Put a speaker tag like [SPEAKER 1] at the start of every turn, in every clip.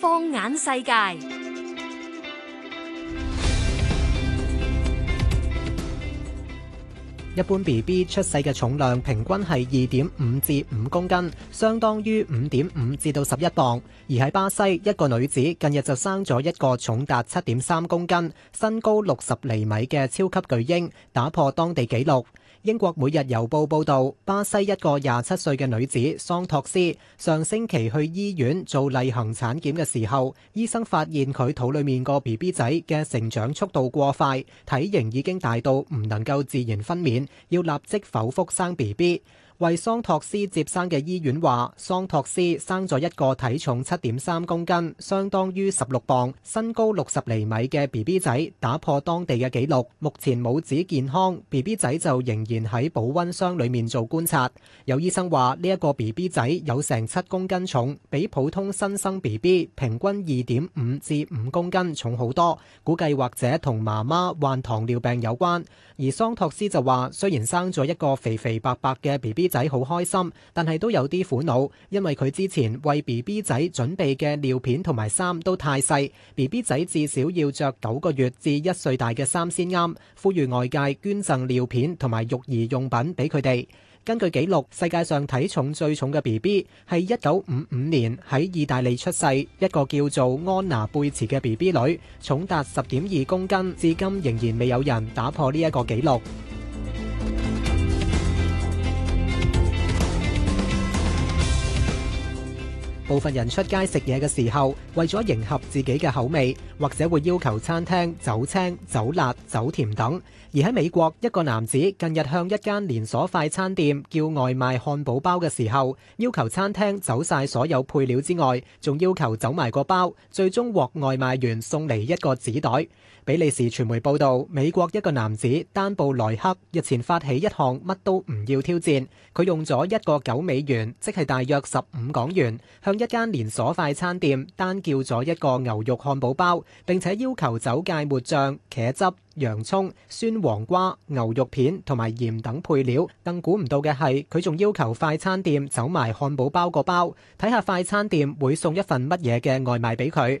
[SPEAKER 1] 放眼世界，一般 BB 出世嘅重量平均係二點五至五公斤，相當於五點五至到十一磅。而喺巴西，一個女子近日就生咗一個重達七點三公斤、身高六十厘米嘅超級巨嬰，打破當地紀錄。英國每日郵報報導，巴西一個廿七歲嘅女子桑托斯上星期去醫院做例行產檢嘅時候，醫生發現佢肚裡面個 B B 仔嘅成長速度過快，體型已經大到唔能夠自然分娩，要立即剖腹生 B B。為桑托斯接生嘅醫院話，桑托斯生咗一個體重七點三公斤，相當於十六磅、身高六十厘米嘅 B B 仔，打破當地嘅紀錄。目前母子健康，B B 仔就仍然喺保溫箱裏面做觀察。有醫生話呢一個 B B 仔有成七公斤重，比普通新生 B B 平均二點五至五公斤重好多，估計或者同媽媽患糖尿病有關。而桑托斯就話，雖然生咗一個肥肥白白嘅 B B，B 仔好開心，但係都有啲苦惱，因為佢之前為 B B 仔準備嘅尿片同埋衫都太細，B B 仔至少要着九個月至一歲大嘅衫先啱。呼籲外界捐贈尿片同埋育兒用品俾佢哋。根據紀錄，世界上體重最重嘅 B B 係一九五五年喺意大利出世，一個叫做安娜貝茨嘅 B B 女，重達十點二公斤，至今仍然未有人打破呢一個紀錄。部分人出街食嘢嘅時候，為咗迎合自己嘅口味，或者會要求餐廳，走青、走辣、走甜等。而喺美國，一個男子近日向一間連鎖快餐店叫外賣漢堡包嘅時候，要求餐廳走晒所有配料之外，仲要求走埋個包，最終，獲外賣員送嚟一個紙袋。比利時傳媒報道，美國一個男子丹布萊克，日前發起一項乜都唔要挑戰，佢用咗一個九美元，即係大約十五港元，一間連鎖快餐店單叫咗一個牛肉漢堡包，並且要求走芥末醬、茄汁、洋蔥、酸黃瓜、牛肉片同埋鹽等配料。更估唔到嘅係，佢仲要求快餐店走埋漢堡包個包，睇下快餐店會送一份乜嘢嘅外賣俾佢。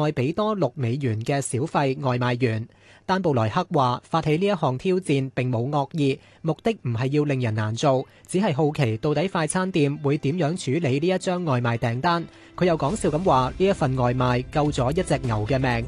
[SPEAKER 1] 外俾多六美元嘅小費外賣員，丹布萊克話發起呢一項挑戰並冇惡意，目的唔係要令人難做，只係好奇到底快餐店會點樣處理呢一張外賣訂單。佢又講笑咁話，呢一份外賣救咗一隻牛嘅命。